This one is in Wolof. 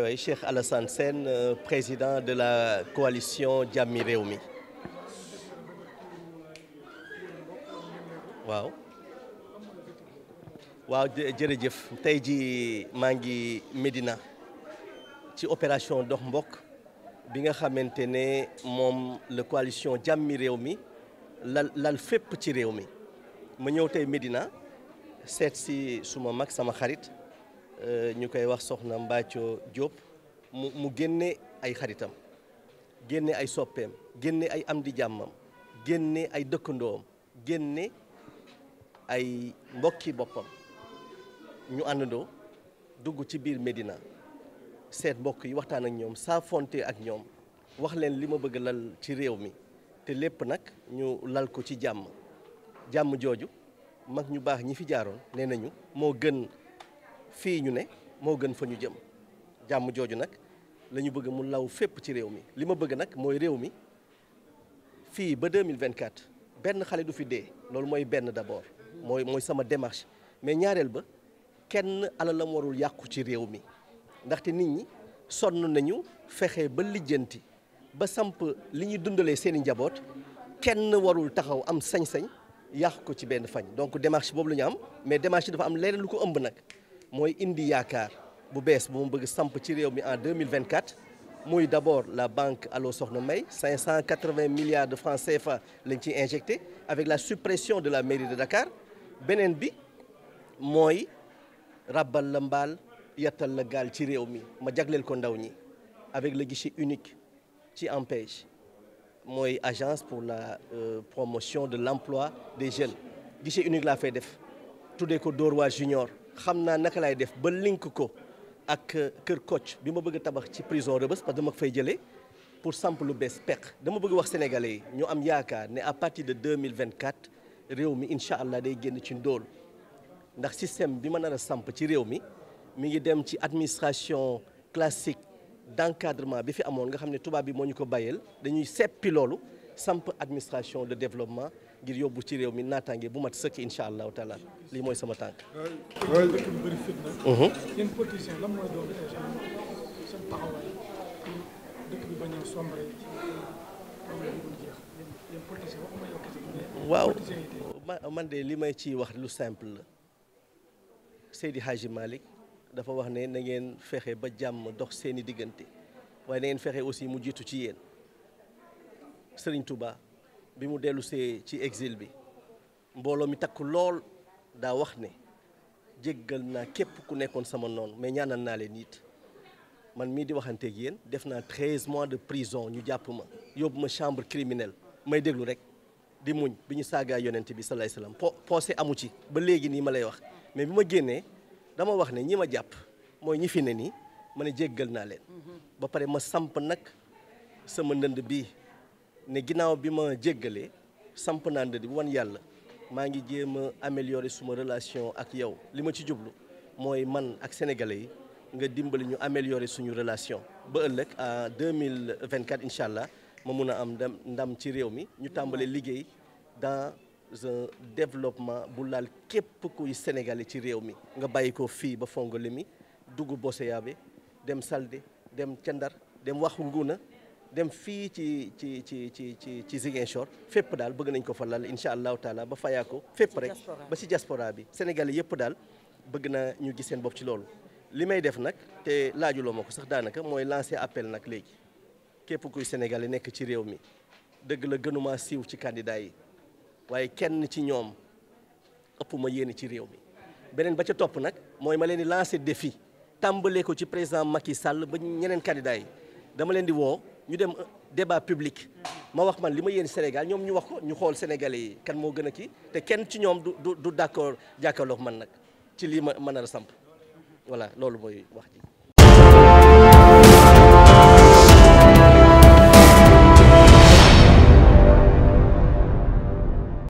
waay waay Cheikh Alassane euh, président de la coalition Jàmmi réew mi waaw waaw jërëjëf tey jii maa ngi Médina ci opération dox mbokk bi nga xamante ne moom la coalition Jàmmi réew mi lal lal fépp ci réew mi ma ñëw tey Médina seet si suma mag sama xarit Euh, ñu koy wax soxna Mbacco Diop mu mu génne ay xaritam génne ay soppeem génne ay am di jàmmam génne ay dëkkandoom génne ay mbokki boppam ñu àndandoo dugg ci biir Médina seet mbokk yi waxtaan ak ñoom saa fonte ak ñoom wax leen li ma bëgg lal ci réew mi te lépp nag ñu lal ko ci jàmm jàmm jooju mag ñu baax ñi fi jaaroon nee nañu moo gën fii ñu ne moo gën fa ñu jëm jàmm jooju nag la ñu bëgg mu law fépp ci réew mi li ma bëgg nag mooy réew mi fii ba vingt 2024 benn xale du fi dee loolu mooy benn d'abord mooy mooy sama démarche mais ñaareel ba kenn alalam warul yàqu ci réew mi ndaxte nit ñi sonn nañu fexe ba lijjanti ba samp li ñuy dundalee seen i njaboot kenn warul taxaw am sañ-sañ yàq ko ci benn fañ donc démarche boobu la ñu am mais démarche dafa am leneen lu ko ëmb nag mooy indi yaakaar bu bees bu mu bëgg samp ci réew mi en 2024 muy d' abord la banque Allo Soxna May 580 milliards de francs CFA lañ ci injecté avec la suppression de la mairie de Dakar beneen bi mooy rabal la mbaal yattal la gaal ci réew mi ma jagleel ko ndaw ñi avec la guichet unique ci ANPEJ mooy agence pour la euh, promotion de l' emploi des jeunes guichet unique laa fay def tuddee ko Dóor waa junior xam naa naka lay def ba link ko ak kër coach bi ma bëgg tabax ci prison Rebeuss parce que dama fay jëlee pour samp lu bees peq dama bëgg wax sénégalais yi ñu am yaakaar ne à partir de deux mille vingt quatre réew mi incha allah day génn ci ndóol ndax système bi ma nar samp ci réew mi mi ngi dem ci administration classique d' bi fi amoon nga xam ne tubaab bi moo ñu ko bayeel dañuy seppi loolu samp administration de développement. ngir yóbbu ci réew mi naataange bu mat sëkk incha allahu taala lii mooy sama tànk. waaw man de li may ci wax lu simple la Seydi Hadji Malick dafa wax ne na ngeen fexe ba jàmm dox seeni diggante waaye na fexe aussi mu jiitu ci yéen Serigne Touba. bi mu dellusee ci exil bi mbooloo mi takk lool daa wax ne jéggal naa képp ku nekkoon sama noonu mais ñaanal naa leen it man mii di waxanteeg yéen def naa treize mois de prison ñu jàpp ma yóbbu ma chambre criminelle may déglu rek di muñ bi ñu saagaa yonent bi salaay salaam po poosé amu ci ba léegi nii ma lay wax mais bi ma génnee dama wax ne ñi ma jàpp mooy ñi fi ne nii ma ne jéggal naa leen mhm. ba pare ma samp nag sama ndënd bii ne ginnaaw bi ma jéggalee samp naa ndënd bi wan yàlla maa ngi jéem a améliorer suma relation ak yow li ma ci jublu mooy man ak sénégalais yi nga dimbali ñu améliorer suñu relation ba ëllëg en 2024 incha allah ma mun a am ndam ci réew mi ñu tàmbalee liggéey dans un développement bu laal képp kuy sénégalais ci réew mi nga bàyyi ko fii ba Fongolemi dugg Boseyaabe dem Salde dem Candar dem Waxunguna dem fii ci ci ci ci ci ci Ziguinchor fépp daal bëgg nañ ko fa lal incha allahu taala ba fayaa ko fépp rek ba ci diaspora bi Sénégalais yëpp daal bëgg na ñu gis seen bopp ci loolu li may def nag te laajuloo ma ko sax daanaka mooy lancer appel nag léegi képp kuy Sénégalais nekk ci réew mi dëgg la gënuma siiw ci candidat yi waaye kenn ci ñoom ëpp ma yéene ci réew mi beneen ba ca topp nag mooy ma leen di lancer défi tàmbalee ko ci président Macky sàll ba ñeneen candidat dama leen di woo ñu dem euh, débat public ma wax man li ma yéen Sénégal ñoom ñu wax ko ñu xool sénégalais yi kan moo gën a kii te kenn ci ñoom du du du d'accord jàkkaarloog man nag ci lii ma mën a samp voilà loolu mooy wax ji.